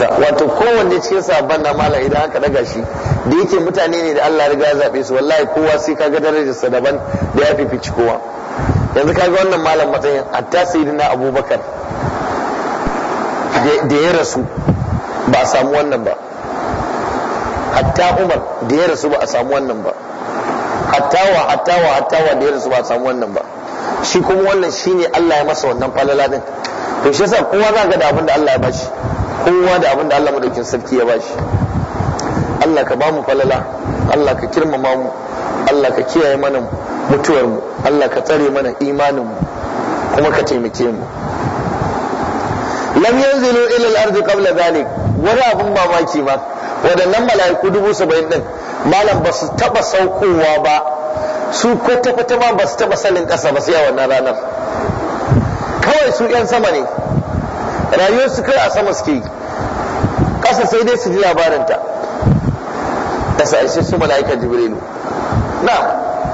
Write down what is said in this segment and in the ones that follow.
sa wato kowanne cikin sabon na mala idan aka daga shi da yake mutane ne da Allah riga ya zaɓe su wallahi kowa sai kaga darajar sa daban da ya fifici kowa yanzu kaga wannan malam matsayin hatta sayyidina Abubakar da ya rasu ba a samu wannan ba hatta Umar da ya rasu ba a samu wannan ba hatta wa hatta wa hatta wa da ya rasu ba a samu wannan ba shi kuma wannan shine Allah ya masa wannan falala din to shi yasa kowa za ga da abin da Allah ya bashi kowa da abin da Allah madaukin sarki ya bashi Allah ka bamu falala Allah ka kirmama mu Allah ka kiyaye mana mutuwar mu Allah ka tsare mana imanin mu kuma ka taimake mu lam yanzilu ila al ard qabla dhalik wani abin mamaki ba waɗannan mala'iku dubu saba'in din malam ba su taba saukowa ba su ko kwata ma ba su taba salin ƙasa ba sai a wannan ranar kawai su 'yan sama ne su kai a sama suke kasa sai dai su ji labarinta ta ai sai su mala'ikan jibrilu na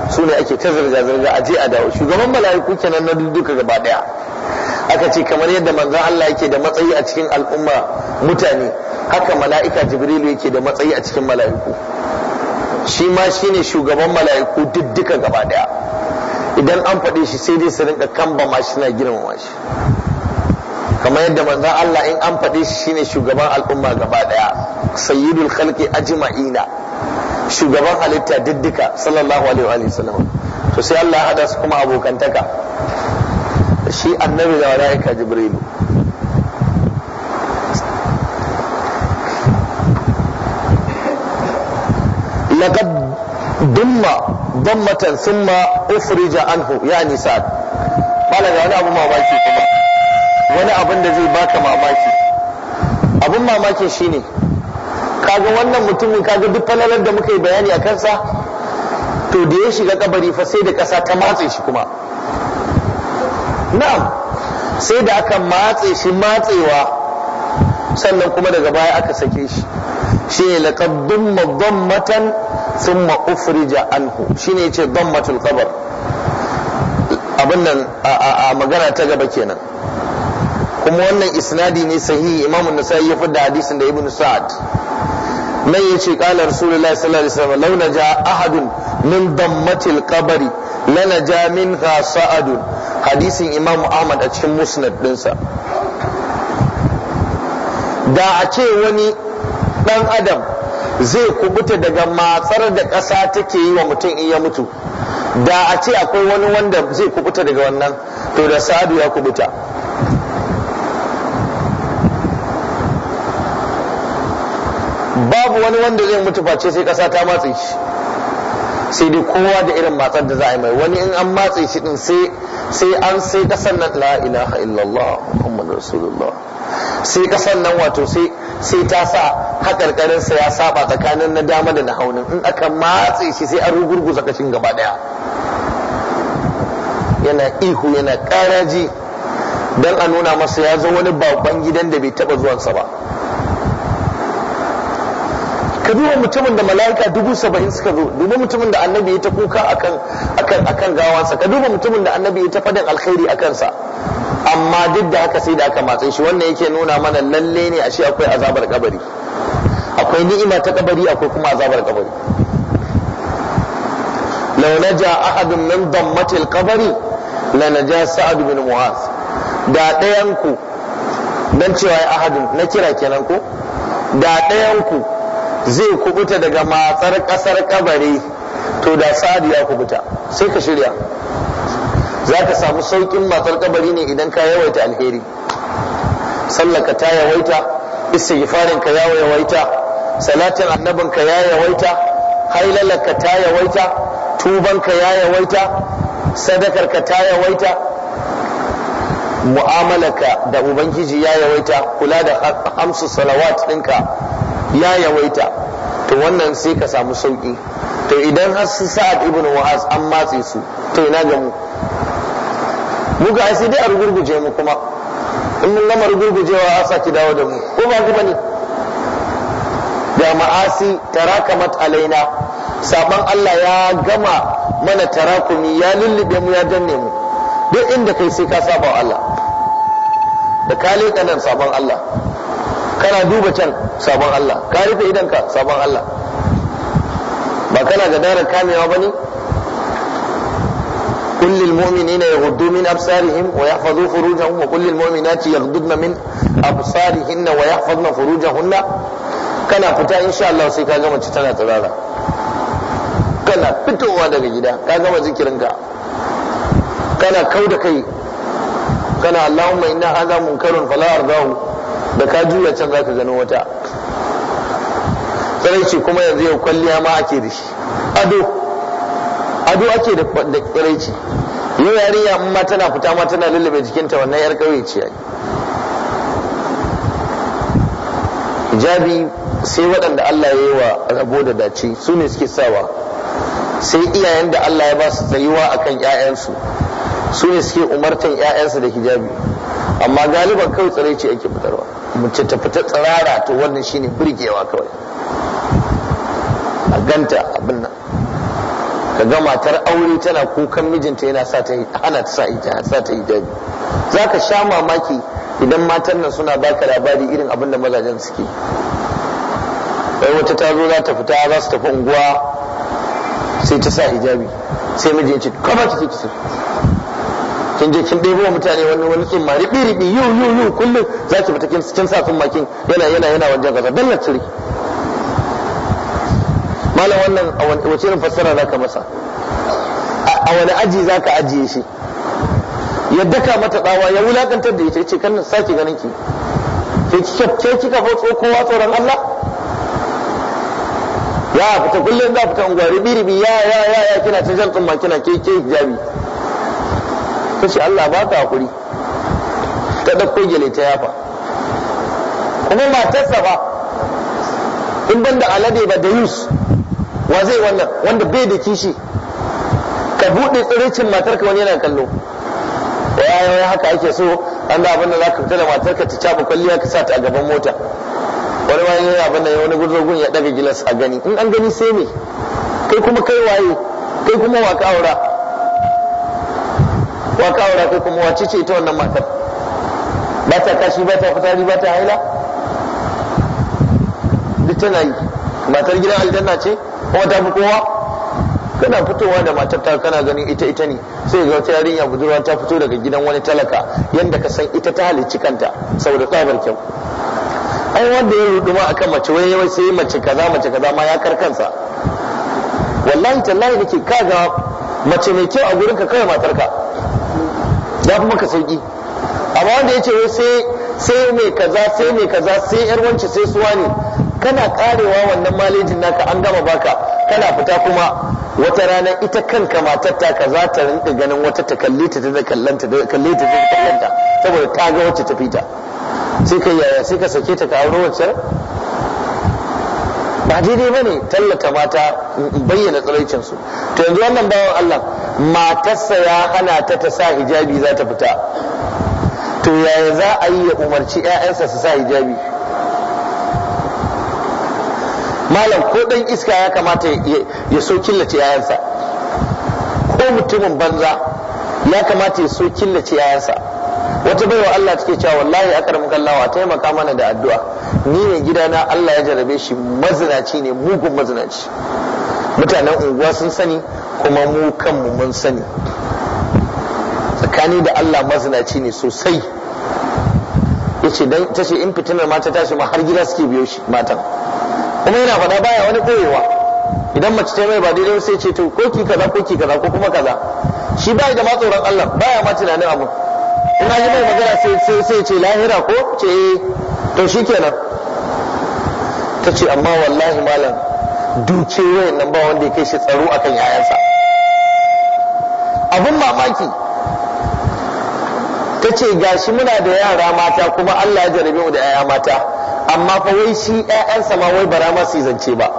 su ne ake ta zirga-zirga a je a dawo shugaban mala'iku kenan na duka gaba daya aka ce kamar yadda manzon Allah yake da matsayi a cikin al'umma mutane haka mala'ika jibrilu yake da matsayi a cikin mala'iku shi ma shine shugaban mala'iku duk duka gaba daya idan an faɗi shi sai dai su rinka kamba ma shi na girmama shi kamar yadda manzon Allah in an faɗi shi ne shugaban al'umma gaba ɗaya sayyidul khalqi ajma'ina shugaban halitta diddika sallallahu alaihi wa sallam to sai Allah ya hada su kuma abokantaka shi annabi da malaika jibrilu laqad dumma dammatan thumma ufrija anhu yani sa'ad malaka wani abu mamaki kuma wani abin da zai baka mamaki abin mamaki shine kaga wannan mutumin kaga duk falalar da muka yi bayani a kansa to da ya shiga kabari fa sai da kasa ta matse shi kuma na'am sai da aka matse shi matsewa sannan kuma daga baya aka sake shi shi ne laƙad dumma dammatan thumma ufrija anhu ya ce don qabr abin nan a magana ta gaba kenan kuma wannan isnadi ne sahihi imamu nasa'i ya da hadisin da ibn sa'ad nan ce kala rasulullah sallallahu alaihi wasallam law naja ahadun min dammatil qabri min ha sa'adun hadisin imamu ahmad a cikin musnad dinsa da a ce wani dan adam zai kubuta daga matsar da ƙasa take yi wa mutum in ya mutu da a ce akwai wani wanda zai kubuta daga wannan to da sa'adu ya kubuta babu wani wanda zai mutu face sai kasa ta matse shi sai dai kowa da irin matsar da za a yi mai wani in an matse shi din sai an sai kasan nan la ilaha illallah muhammadu rasulullah sai kasan nan wato sai ta sa hakarkarin sa ya saba tsakanin na dama da na haunin in aka matse shi sai an rugurguza kashin gaba daya yana ihu yana karaji Don a nuna masa ya zo wani babban gidan da bai taba zuwansa ba ka duba mutumin da mala'ika dubu saba'in suka zo duba mutumin da annabi ya ta kuka akan gawansa ka duba mutumin da annabi ya ta faɗin alkhairi a kansa. amma duk da haka sai da aka matse shi wannan yake nuna mana lalle ne a shi akwai azabar kabari akwai ni'ima ta kabari akwai kuma azabar kabari law naja ahadun min dammatil kabari la naja sa'ad bin mu'az da ɗayan ku dan cewa ahadun na kira kenan ko da ɗayan ku zai kubuta daga matsar kasar kabari to da sadi ya kubuta sai ka shirya za ka samu saukin matsar kabari ne idan ka yawaita alheri sallaka ta yawaita istighfarin ka yawaita salatin annabin ka ya yawaita hailalaka ta yawaita tuban ka yawaita sadakar ka ta yawaita mu'amalaka da ubangiji ya yawaita kula da hamsu salawat ɗinka ya yawaita to wannan sai ka samu sauki to idan har su sa'ad ibn wa'az an matse su to ina ga mu mu ga sai dai a rugurguje mu kuma in mun gama rugurgujewa a saki dawo da mu ko ba kuma ne da ma'asi tarakamat alaina saban Allah ya gama mana tarakumi ya lullube mu ya danne mu duk inda kai sai ka saba Allah da ka leƙa nan saban Allah kana duba can sabon Allah ka rufe idanka sabon Allah ba kana ga darar kamewa ba ne kullum mu'mini ne ya hudu min absarihim wa ya fazo furujan hunwa kullum mu'mini ci ya hudu min absarihin na wa ya fazo furujan hunna kana fita insha Allah sai ka gama ci tana tarara kana fitowa daga gida ka gama zikirinka kana kau da kai kana Allahumma inna hadha munkarun fala ardahu da ka juya can ka gano wata ce kuma yanzu yau kwalliya ma ake da shi ado ado ake da tsiraici yau yarinya amma tana fita ma tana lullube jikinta wannan yar kauye ce hijabi sai waɗanda Allah ya yi wa rabo da dace su ne suke sawa sai iyayen da Allah ya ba su tsayuwa akan 'ya'yansu su ne suke umartan 'ya'yansu da hijabi amma galiban kawai tsare ce ake fitarwa mace ta fita tsirara to wannan shine burgewa kawai a ganta abin nan ka ga matar aure tana kukan mijinta yana sa ta hana ta sa ita sa ta hijabi ka sha mamaki idan matan nan suna baka labari irin abin da mazajen suke wai wata ta zo za ta fita za su tafi unguwa sai ta sa hijabi sai mijin ya ce kama ki ki kin je kin ɗebo mutane wani wani tsumma riɓi riɓi yau yau yau kullum za ki fita kin sa makin yana yana yana wajen kaza dalla ciri malam wannan wace irin fassara za ka masa a wani aji za ka ajiye shi ya daka mata tsawa ya wulakantar da ita ce kan sake ganin ki ke kika ko kowa tsoron Allah ya fita kullum za fita unguwa ribi ribi ya ya ya ya kina cin jantun makina ke ke hijabi ta ce Allah ba ka hakuri ta ɗauko gele ta yafa kuma ba ta saba in ban da alade ba da yus wa zai wannan wanda bai da kishi ka buɗe tsiricin matarka wani yana kallo Ya yi haka ake so an da abin za ka fita da matarka ta caba kwalliya ka sa ta a gaban mota wani ma yana abin da wani gurzogun ya ɗaga gilas a gani in an gani sai me kai kuma kai waye kai kuma waka aura wa ka aura kai kuma wace ce ita wannan matar ba ta kashi ba ta fitari ba ta haila duk tana yi matar gidan aljanna ce kuma ta fi kowa kana fitowa da matar ta kana ganin ita ita ne sai ga wata yarinya budurwa ta fito daga gidan wani talaka yanda ka san ita ta halicci kanta saboda tsabar kyau ai wanda ya ruduma akan mace wai yawai sai mace kaza mace kaza ma ya karkansa wallahi tallahi nake kaga mace mai kyau a gurinka kai matarka ya fi maka sauki amma wanda ya ce sai sai mai kaza sai mai kaza sai yar wance sai suwa ne kana karewa wannan malejin naka an gama baka kana fita kuma wata rana ita kanka matar ta kaza ta rinka ganin wata ta kalle ta zai kallanta da kalle ta zai kallanta saboda ta ga wacce ta fita sai ka yaya sai ka sake ta ka aure wacce ba daidai bane tallata mata bayyana tsaraicin su to yanzu wannan bawan Allah matarsa ya hana ta ta sa hijabi za ta fita to yaya za a yi ya umarci 'ya'yansa su sa hijabi malam ko dan iska ya kamata ya so killace 'ya'yansa ko mutumin banza ya kamata ya so killace 'ya'yansa wata baiwa Allah take cewa wallahi akaram kallawa a taimaka mana da addu'a ni ne gidana Allah ya jarabe shi mazinaci ne mugun mazinaci mutanen unguwa sun sani kuma mu kanmu mun sani tsakani da Allah mazinaci ne sosai don ta ce in fitinar mata tashi ma har gida suke biyo shi matan kuma yana faɗa baya wani koyewa idan mace ta mai ba daidai sai ce to ko ki kaza ko ki kaza ko kuma kaza shi bai da matsoron Allah baya ma tunanin abu in ji mai magana sai sai ce lahira ko ce eh, to kenan, ta ce amma wallahi malam duce wayan nan ba wanda ya kai shi tsaro akan yayansa abun mamaki ta ce gashi muna da yara mata kuma Allah ya jarabe mu da 'ya'ya mata amma fa wai shi ƴaƴansa ma wai bara ma su zance ba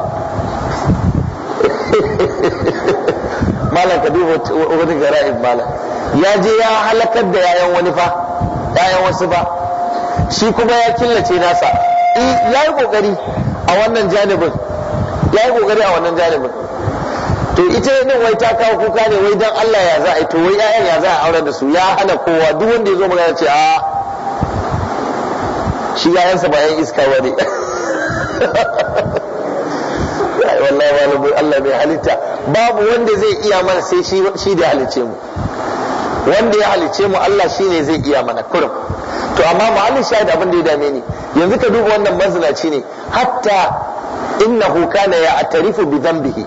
malam ka duba wani gara'ib malam ya je ya halakar da yayan wani fa yayan wasu fa shi kuma ya killace nasa eh, ya yi kokari a wannan janibin ya yi kokari a wannan janibin to ita din wai ta kawo kuka ne wai dan Allah ya za a to wai ƴaƴan ya za a aure da su ya hana kowa duk wanda ya zo magana ce a ah, shi ƴaƴansa ba ƴan iska ba ne wallahi malamu Allah mai halitta babu wanda zai iya mana sai shi da halice mu wanda ya halice mu Allah shi ne zai iya mana kurum to amma ma'alin shahid abin da ya dame ni yanzu ka duba wannan mazinaci ne hatta innahu kana ya atarifu bi dhanbihi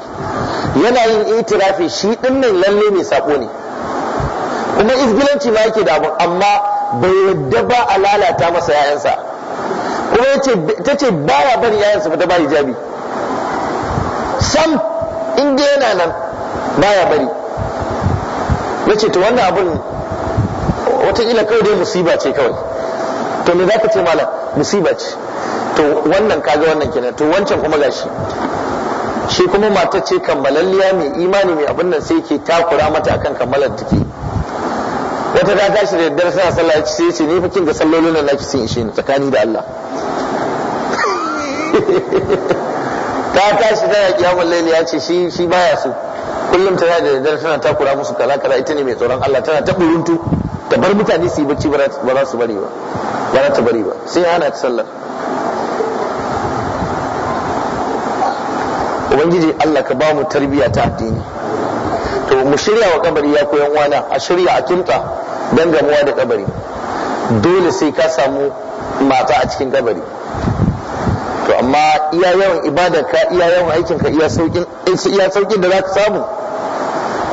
yana yin itirafi shi din nan lalle mai sako ne kuma izgilanci ma yake damu amma bai yadda ba a lalata masa yayansa kuma ta ce baya bari yayansa fita ba hijabi sam inda yana nan ya bari ya ce to wannan abun watakila kawai dai musiba ce kawai to me za ka ce malam musiba ce to wannan kaga wannan kenan to wancan kuma gashi shi kuma mata ce kammalalliya mai imani mai abin nan sai ke takura mata akan kammalar take wata ta tashi da yaddar sa sallah ya sai ce ni fa kin ga sallolin nan naki sun ishe ni tsakani da Allah ta tashi tana kiyamul layli ya ce shi shi baya so kullum tana da yaddar tana takura musu kala kala ita ne mai tsoron Allah tana ta buruntu ta bar mutane su yi bacci ba za su bari ba ba za ta bari ba sai hana ta sallar ubangiji Allah ka ba mu tarbiyya ta addini to mu shirya wa kabari ya koyan wana a shirya a kimta don gamuwa da kabari dole sai ka samu mata a cikin kabari to amma iya yawan ibadar ka iya yawan aikin ka iya sauƙin da za ka samu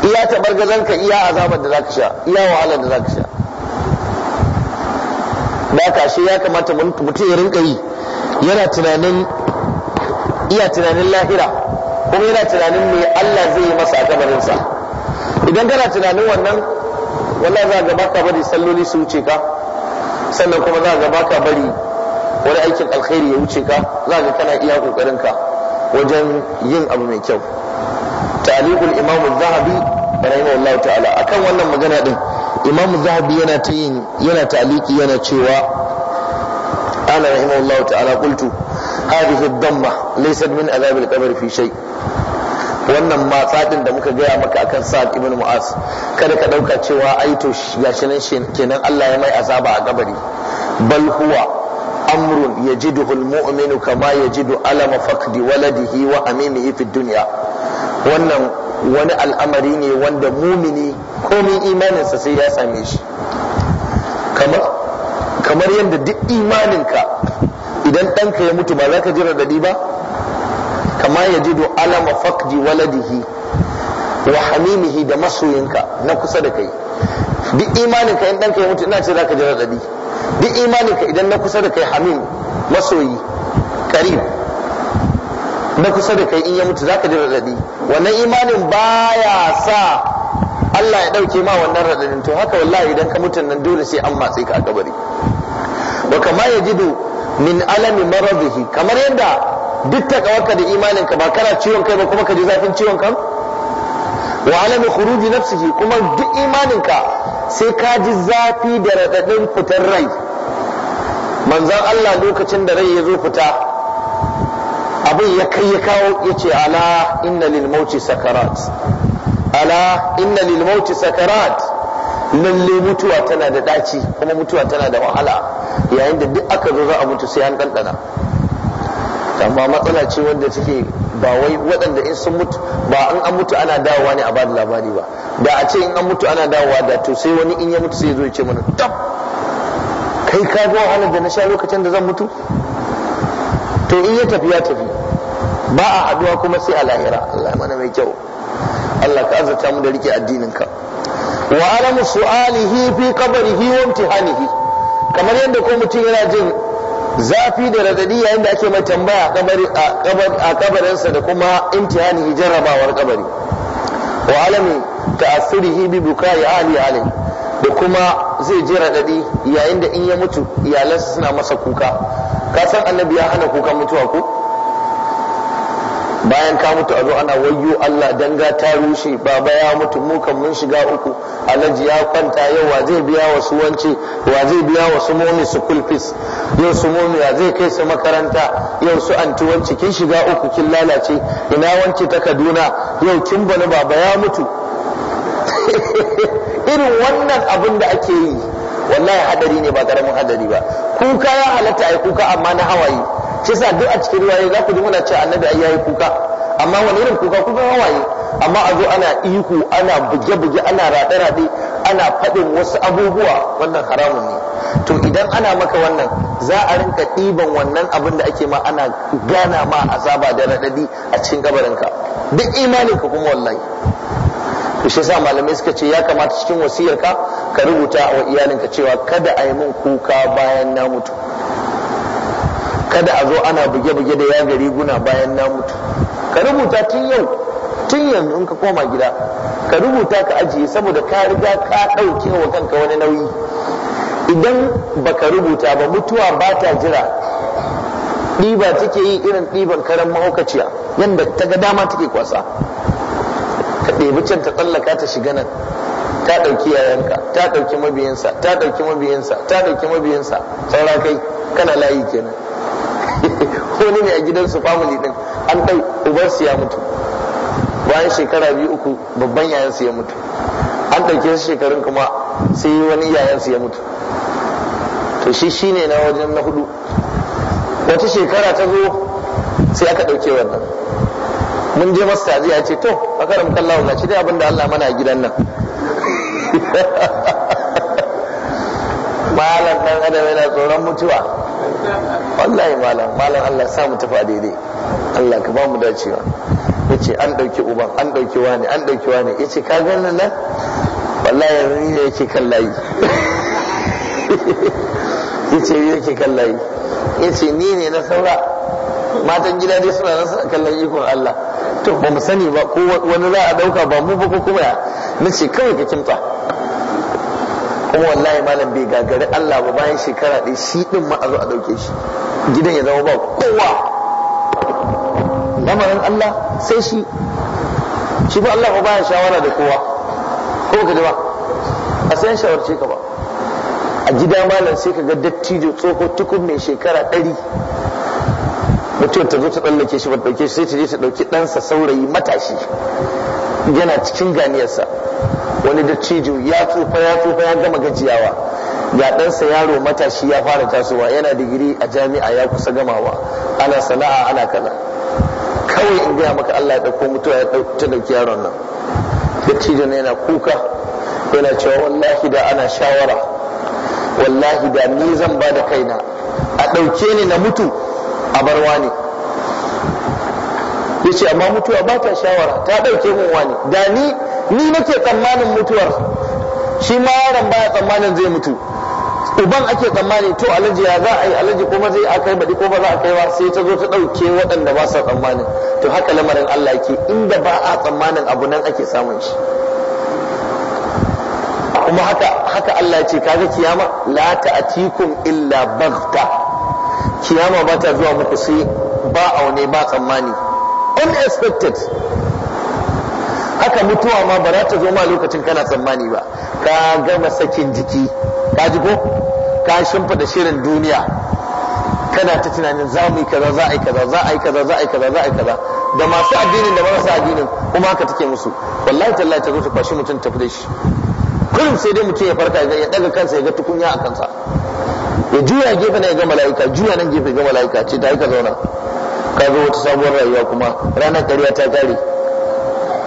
iya tabargazan ka iya azabar da za ka sha iya wahala da za ka sha da ka shi ya kamata mutum ya rinka yi yana tunanin iya tunanin lahira kuma yana tunanin me Allah zai yi masa a kabarinsa idan kana tunanin wannan wallahi za ga baka bari salloli su wuce ka sannan kuma za ga baka bari wani aikin alkhairi ya wuce ka za ga kana iya ka wajen yin abu mai kyau ta'liqul imam zahabi rahimahullahu ta'ala akan wannan magana din imam zahabi yana ta yin yana taliki yana cewa ana rahimahullahu ta'ala qultu hadhihi ad-damma laysat min azab al-qabr wannan matsa din da muka gaya maka akan sa'ad ibn mu'az kada ka dauka cewa ai to gashi nan kenan Allah ya mai azaba a kabari bal huwa amrun yajiduhu al-mu'minu kama yajidu alama faqdi waladihi wa amimihi fi dunya wannan wani al'amari ne wanda mumini komin imaninsa sai ya same shi kamar yadda duk imaninka idan ɗanka ya mutu ba za ka ji radadi ba kama ya ji alama fakdi waladihi wa hamimihi da masoyinka na kusa da kai duk imaninka in ɗanka ya mutu ina ce za ka ji radadi duk imaninka idan na kusa da kai hamim masoyi Karim na kusa da kai in ya mutu za ka ji radadi wannan imanin baya sa Allah ya ɗauke ma wannan radadin to haka wallahi idan ka mutu nan dole sai an matse ka a kabari ba kama ya jido min alami maradihi kamar yadda duk takawarka da imaninka ba kana ciwon kai ba kuma ka ji zafin ciwon kan wa alami khuruji nafsihi kuma duk imaninka sai ka ji zafi da radadin fitar rai manzon Allah lokacin da rai ya zo fita abin ya kai ya kawo ya ce ala inna lil mauti sakarat ala inna lil mauti sakarat lalle mutuwa tana da daci kuma mutuwa tana da wahala yayin da duk aka zo za a mutu sai an ɗanɗana amma matsala ce wanda take ba wai waɗanda in sun mutu ba an an mutu ana dawowa ne a bada labari ba da a ce in an mutu ana dawowa da to sai wani in ya mutu sai ya zo ya ce mana tab kai ka ga wahalar da na sha lokacin da zan mutu to in ya tafi ya tafi ba a haduwa kuma sai a lahira Allah mana mai kyau Allah ka azurta mu da rike addinin ka wa alamu su'alihi fi qabrihi wa imtihanihi kamar yadda ko mutum yana jin zafi da radadi yayin da ake mai tambaya a kabarinsa da kuma imtihani jarrabawar kabari wa alami ta'assurihi bi bukai da kuma zai ji radadi yayin da in ya mutu iyalansa suna masa kuka ka san annabi ya hana kukan mutuwa ko bayan ka mutu a zo ana wayyo Allah danga ta rushe baba ya mutu mu kan mun shiga uku alhaji ya kwanta yau wa zai biya wa su wance wa zai biya wa su momi su kulfis yau su momi ya zai kai su makaranta yau su anti wance kin shiga uku kin lalace ina wance ta Kaduna yau kin bani baba ya mutu irin wannan abin da ake yi wallahi hadari ne ba karamin hadari ba kuka ya halatta ai kuka amma na hawaye shi yasa duk a cikin ruwaye za ku ji muna cewa annabi ai yayi kuka amma wani irin kuka kuka hawaye amma a zo ana ihu ana buge-buge ana raɗe-raɗe ana faɗin wasu abubuwa wannan haramun ne to idan ana maka wannan za a rinka ɗiban wannan abin da ake ma ana gana ma azaba da raɗaɗi a cikin gabarinka duk imanin ka kuma wallahi to shi yasa malamai suka ce ya kamata cikin wasiyarka ka rubuta wa iyalinka cewa kada a yi min kuka bayan na mutu kada a zo ana buge-buge da ya gari guna bayan na mutu ka rubuta tun yau tun yanzu in ka koma gida ka rubuta ka ajiye saboda ka riga ka ɗauke wa kanka wani nauyi idan ba ka rubuta ba mutuwa ba ta jira ɗiba take yi irin ɗiban karen mahaukaciya yadda ta ga dama take kwasa ka ɗebi can ta tsallaka ta shiga nan ta ɗauki yayanka ta ɗauki mabiyansa ta ɗauki mabiyansa ta ɗauki mabiyansa saura kai kana layi kenan wani ne a gidansu family din an ɗau su ya mutu bayan shekara biyu uku babban yayansu ya mutu an ɗauke su shekarun kuma sai wani yayansu ya mutu to shi shine na wajen na hudu wata shekara ta zo sai aka ɗauke wannan mun je masu tazi ya ce to a karam kallawa ga shi dai abinda Allah mana a gidan nan malam dan adam yana tsoron mutuwa wallahi malam malam Allah sa mu tafi daidai Allah ka ba mu dacewa yace an dauki uban an dauki wani an dauki wani yace ka ga nan nan wallahi ni ne yake kan layi yace yake kan layi yace ni ne na saura matan gida dai suna nan suna kallon ikon Allah to ba mu sani ba ko wani za a dauka ba mu ba ko kuma ya nace kawai ka kimta kuma wallahi malam bai gagari Allah ba bayan shekara ɗaya shi ɗin ma a zo a ɗauke shi gidan ya zama ba kowa lamarin Allah sai shi shi ba Allah ba bayan shawara da kowa ko ka ji ba a sayan shawarce ka ba a gida malam sai ka ga dattijo tsoho tukun mai shekara ɗari mutum ta zo ta tsallake shi ba ɗauke shi sai ta je ta ɗauki ɗansa saurayi matashi yana cikin ganiyarsa wani dattijo ya tsufa ya tsufa ya gama gajiyawa ya ɗansa yaro matashi ya fara tasowa yana digiri a jami'a ya kusa gamawa ana sana'a ana kana kawai in gaya maka Allah ya ɗauko mutuwa ya ɗauki yaron nan dattijo ne yana kuka yana cewa wallahi da ana shawara wallahi da ni zan ba da kaina a ɗauke ni na mutu a barwa ne ya ce amma mutuwa ba ta shawara ta ɗauke min wani da ni ni nake tsammanin mutuwar shi ma yaron baya tsammanin zai mutu uban ake tsammani to alaji ya za a yi alaji kuma zai akai baɗi ko ba za a kai ba sai ta zo ta ɗauke waɗanda ba sa tsammanin to haka lamarin Allah yake inda ba a tsammanin abu nan ake samun shi kuma haka haka Allah ce kaga kiyama la ta'tikum illa baghta kiyama ba ta zuwa muku sai ba aune ba tsammani unexpected haka mutuwa ma ba za ta zo ma lokacin kana tsammani ba ka gama sakin jiki ka ji ko ka shimfida shirin duniya kana ta tunanin za mu yi kaza za a yi kaza za a yi kaza za a yi kaza za a yi kaza da masu addinin da marasa addinin kuma haka take musu wallahi tallahi ta zo ta kwashi mutum ta fure shi kullum sai dai mutum ya farka ya daga kansa ya ga tukunya a kansa ya juya gefe na ya ga mala'ika juya nan gefe ga mala'ika ce ta yi ka zauna ka zo wata sabuwar rayuwa kuma ranar ƙarya ta kare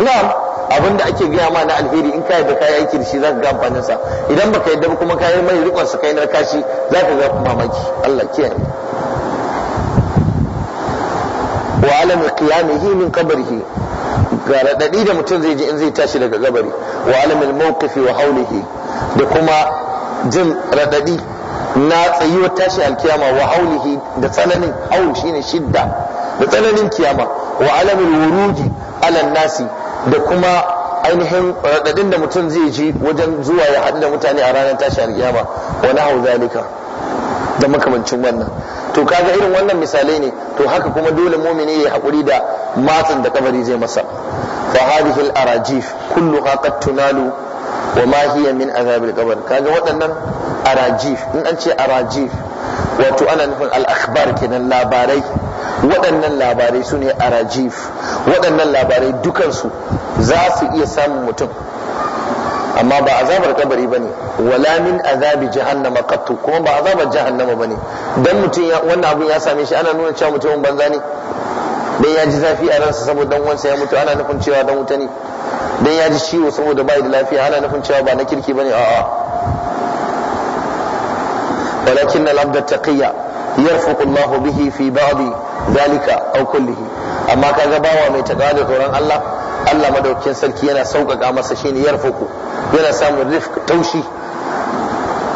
na'am abin da ake gaya ma na alheri in ka da ka yi aiki da shi za ka ga amfanin sa idan yadda yarda kuma ka yi mai rikon sa kai narka za ka ga mamaki Allah ke wa alam qiyamihi min qabrihi ga radadi da mutum zai ji in zai tashi daga gabari wa alam al mawqifi wa hawlihi da kuma jin radadi na tsayuwar tashi alkiyama wa haulihi da tsananin haul shine shidda da tsananin kiyama wa alamul wuruji ala nasi da kuma ainihin raɗaɗin da mutum zai ji wajen zuwa ya haɗu da mutane a ranar tashi alkiyama wa nahu zalika da makamancin wannan to kaga irin wannan misalai ne to haka kuma dole mumini ya haƙuri da matsin da kabari zai masa fa hadhihi al-arajif kulluha qad tunalu wa ma hiya min azab al-qabr kaga waɗannan arajif in an ce arajif wato ana nufin al-akhbar kenan labarai waɗannan labarai su ne a rajif waɗannan labarai dukansu za su iya samun mutum amma ba azabar kabari ba ne, wala min azabi jahannama qattu kuma ba azabar jahannama ne. Don mutum wannan abun ya same shi ana nuna cewa mutumin banza ne dan ya ji zafi a ransa saboda dan wansa ya mutu ana nufin cewa dan wuta ne dan ya ji ciwo saboda bai da lafiya ana nufin cewa ba na kirki bane a'a walakin al-abd taqiyya yarfuqu Allahu bihi fi ba'di zalika aw kullihi amma kaga bawa mai takawa da tsoron Allah Allah madaukakin sarki yana sauƙaƙa masa shine yarfuku yana samun rifq taushi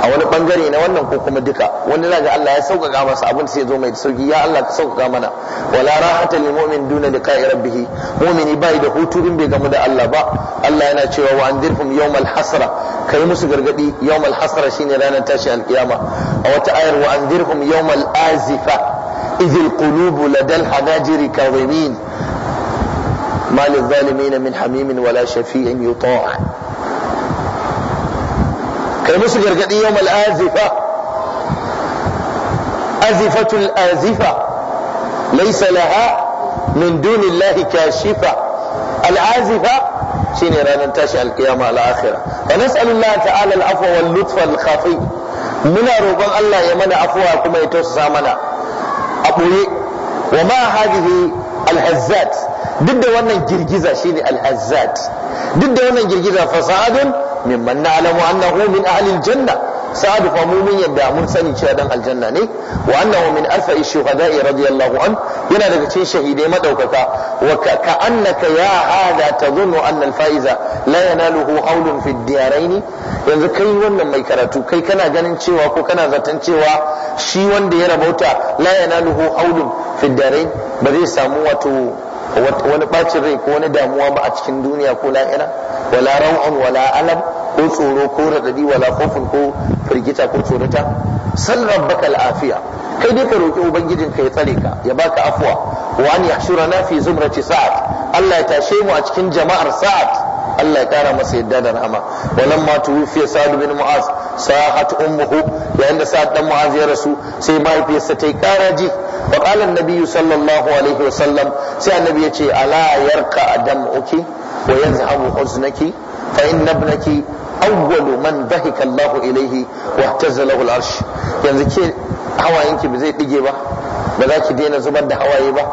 a wani bangare na wannan ko kuma duka wani na ga Allah ya sauƙaƙa masa abin sai zo mai sauki ya Allah ka sauƙaƙa mana wala rahata lil mu'min duna liqa'i rabbih mu'mini bai da hutu in bai gamu da Allah ba Allah yana cewa wa andirhum yawmal hasra kai musu gargadi yawmal hasra shine ranar tashi alkiyama a wata ayar wa andirhum yawmal azifa idhil qulubu ladal hanajiri kadhimin ما للظالمين من حميم ولا شفيع يطاع kai musu gargadi yau mal'azifa azifatul azifa laisa laha min dunillahi kashifa al'azifa shine ranar tashi alkiyama al'akhira wa nas'alullah ta'ala al'afwa wal lutfa al khafi muna roƙon Allah ya mana afuwa kuma ya tausasa mana a ɓoye wa ma hadhihi alhazzat duk da wannan girgiza shine alhazzat duk da wannan girgiza fasa'adun mimman na'lamu annahu min ahli aljanna sa'ad fa mumin yadda mun sani cewa dan aljanna ne wa annahu min arfa'i shuhada'i radiyallahu an yana daga cikin shahidai madaukaka wa ka annaka ya hada tadhunnu anna al-faiza la yanaluhu hawlun fi diyarain yanzu kai wannan mai karatu kai kana ganin cewa ko kana zaton cewa shi wanda ya rabauta la yanaluhu hawlun fi diyarain ba zai samu wato wani bacin rai ko wani damuwa ba a cikin duniya ko la'ina wala raw'un wala alam ko tsoro ko radadi wala kofin ko firgita ko tsorata sal rabbaka al'afiya kai dai ka roki ubangijin ka ya tsare ka ya baka afuwa. wa an yahshurana fi zumrati sa'at Allah ya tashe mu a cikin jama'ar sa'at Allah ya kara masa yadda da rahama walan ma tuwfiya sa'ad bin mu'az sa'at ummuhu yayin da sa'ad dan mu'az ya rasu sai mahaifiyarsa ta yi karaji wa qala an-nabi sallallahu alaihi wasallam sai annabi ya ce ala yarka dam'uki wa yazhabu huznaki fa inna ibnaki awwalu man dhahika Allah ilaihi wa ihtazalahu al-arsh yanzu ke hawayenki ba zai dige ba ba za ki daina zubar da hawaye ba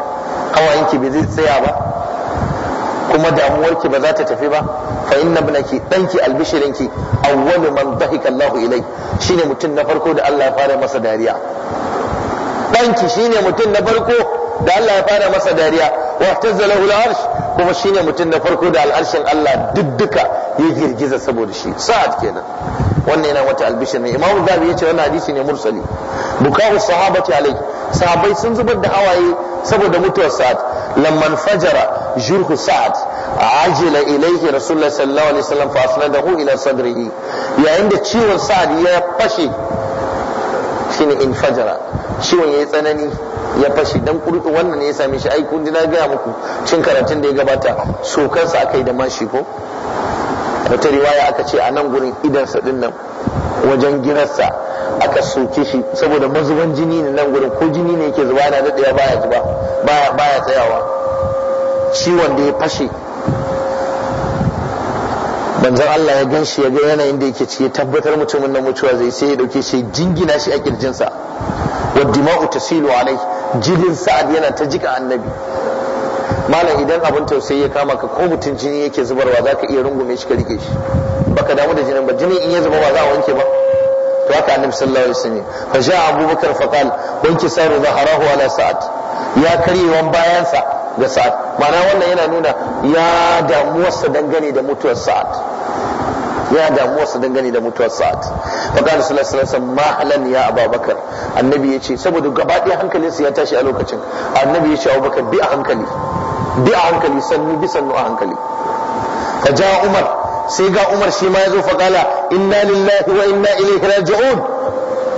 hawayenki ba zai tsaya ba kuma damuwarki ba za ta tafi ba fa inna ibnaki danki albishirinki awwalu man dhahika Allahu ilai shine mutum na farko da Allah ya fara masa dariya danki shine mutum na farko da Allah ya fara masa dariya wa tazalahu al-arsh kuma shine mutum na farko da al'arshin Allah dudduka ya girgiza saboda shi sa'ad kenan wannan yana wata albishirin ne imamu zabi yace wannan hadisi ne mursali bukahu sahabati alai sahabbai sun zubar da hawaye saboda mutuwar sa'ad lamman fajara jurhu sa'ad ajila ilaihi rasulullah sallallahu alaihi wasallam fa asnadahu ila sadrihi yayin da ciwon sa'ad ya fashe shine in fajara ciwon yayi tsanani ya fashe dan kurdu wannan ne ya same shi ai kun na gaya muku cin karatun da ya gabata sokansa akai da mashi ko wata riwaya aka ce a nan gurin idansa din nan wajen ginarsa aka soke shi saboda mazuban jini ne nan gudun ko jini ne yake zuba yana daɗewa baya zuba baya tsayawa ciwon da ya fashe banzan Allah ya gan shi ya ga yanayin da yake ci tabbatar mutumin nan mutuwa zai sai ya dauke shi jingina shi a kirjinsa wa dima'u tasilu alai jirin sa'ad yana ta jika annabi malam idan abin tausayi ya kama ka ko mutum jini yake zubarwa za ka iya rungume shi ka rike shi baka damu da jinin ba jinin in ya zuba ba za a wanke ba to haka annabi sallallahu alaihi wasallam fa sha abubakar fa qal wanki saru zaharahu ala sa'ad ya karyewan sa ga sa'ad ma'ana wannan yana nuna ya damuwarsa dangane da mutuwar sa'ad ya damuwarsa dangane da mutuwar sa'ad fa qala sallallahu alaihi wasallam mahlan ya abubakar annabi yace saboda gaba ɗaya hankalinsa ya tashi a lokacin annabi yace bakar bi a hankali bi a hankali sannu bi sannu a hankali fa ja umar sai ga umar shi ma ya zo faƙala inna lillahi wa inna ilaihi raji'un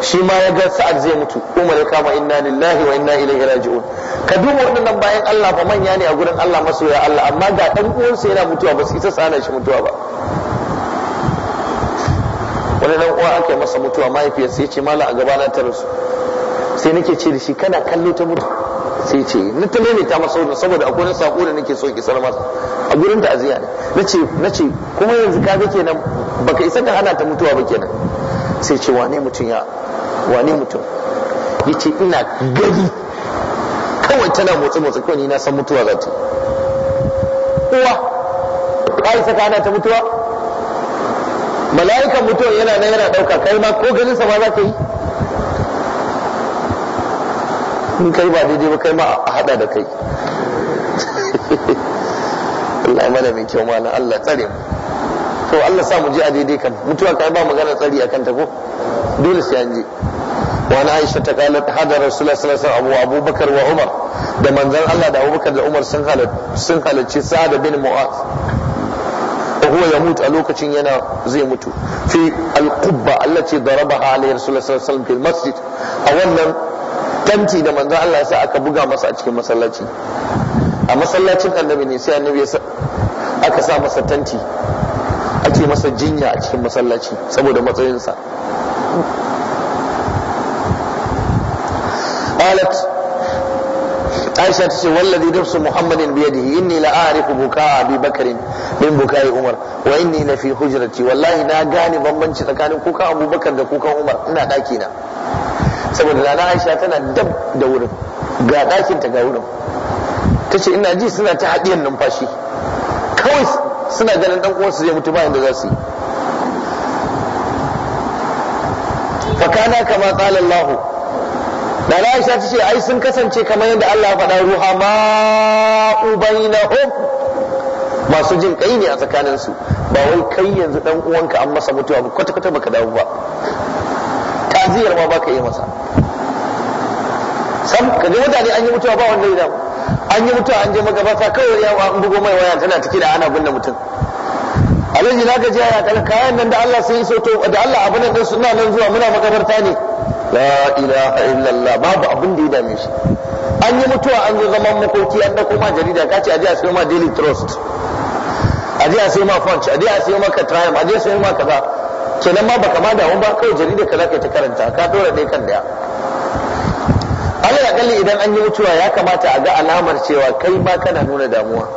shi ma ya ga sa'ad zai mutu umar ya kama inna lillahi wa inna ilaihi raji'un ka duba waɗannan bayan Allah fa manya ne a gurin Allah masoya Allah amma ga dan uwansa yana mutuwa ba su isa sana shi mutuwa ba wani dan uwa aka yi masa mutuwa mahaifiyarsa ya ce mala a gabana ta rasu sai nake ce da shi kana kallo ta mutu sai ce na ta maimaita masa saboda akwai wani sako da nake so ki sanar masa a gurin ta aziya ne nace nace kuma yanzu ka ga kenan baka isa ka hana ta mutuwa ba kenan sai ce wane mutum ya wane mutum yace ina gari kawai tana motsa-motsa kawai ni na san mutuwa za ta uwa ka isa ka hana ta mutuwa mala'ikan mutuwa yana nan yana dauka kai ma ko ganin sa ba za ka yi in kai ba daidai ba kai ma a hada da kai Allah mana mai kyau malam Allah tsare mu to Allah sa mu je a daidai kan mutuwa kai ba magana tsari akan ta ko dole sai an je وعن عائشة قالت حضر رسول الله صلى الله عليه وسلم أبو بكر وعمر da manzon Allah da Abubakar da Umar sun sun halarci Sa'ad bin Mu'az da huwa ya mutu a lokacin yana zai mutu fi al-qubba allati darabaha alayhi rasul sallallahu alaihi fil masjid a wannan kanti da manzon Allah sa aka buga masa a cikin masallaci a masallacin annabi ne sai annabi ya aka sa masa tanti ake masa jinya a cikin masallaci saboda matsayinsa alat aisha ta ce wallazi nafsu muhammadin bi yadihi inni la a'rifu bukaa abi bakr min bukai umar wa inni la fi hujjarci, wallahi na gane bambanci tsakanin kukan abubakar da kukan umar ina daki na saboda nana aisha tana dab da wurin ga ɗakinta ga wurin ta ce ina ji suna ta haɗiyar numfashi kawai suna ganin ɗan uwansu zai mutu bayan da za su yi fakana kama qala Allah da Aisha ta ce ai sun kasance kamar yadda Allah ya faɗa ruhama bainahum masu jin ƙai ne a tsakaninsu. ba wai kai yanzu ɗan uwanka an masa mutuwa ba kwata kwata baka dawo ba ta'aziyar ma baka yi masa sam ka ga mutane an yi mutuwa ba wanda ya an yi mutuwa an je magabata kawai ya an bugo mai waya tana tiki da ana binne mutum alhaji na gaji ya kala kayan nan da Allah sai iso to da Allah abin nan suna nan zuwa muna makabarta ne la ilaha illallah babu abin da ya dame shi an yi mutuwa an zo zaman makoki an dauko ma jarida ka ce aje a sayo ma daily trust aje a sayo ma punch aje a sayo ma ka time aje a sayo ma kaza kenan ma baka ma damu ba kawai jarida ka zaka ta karanta ka dora dai kan daya Allah ya kalli idan an yi mutuwa ya kamata a ga alamar cewa kai ma kana nuna damuwa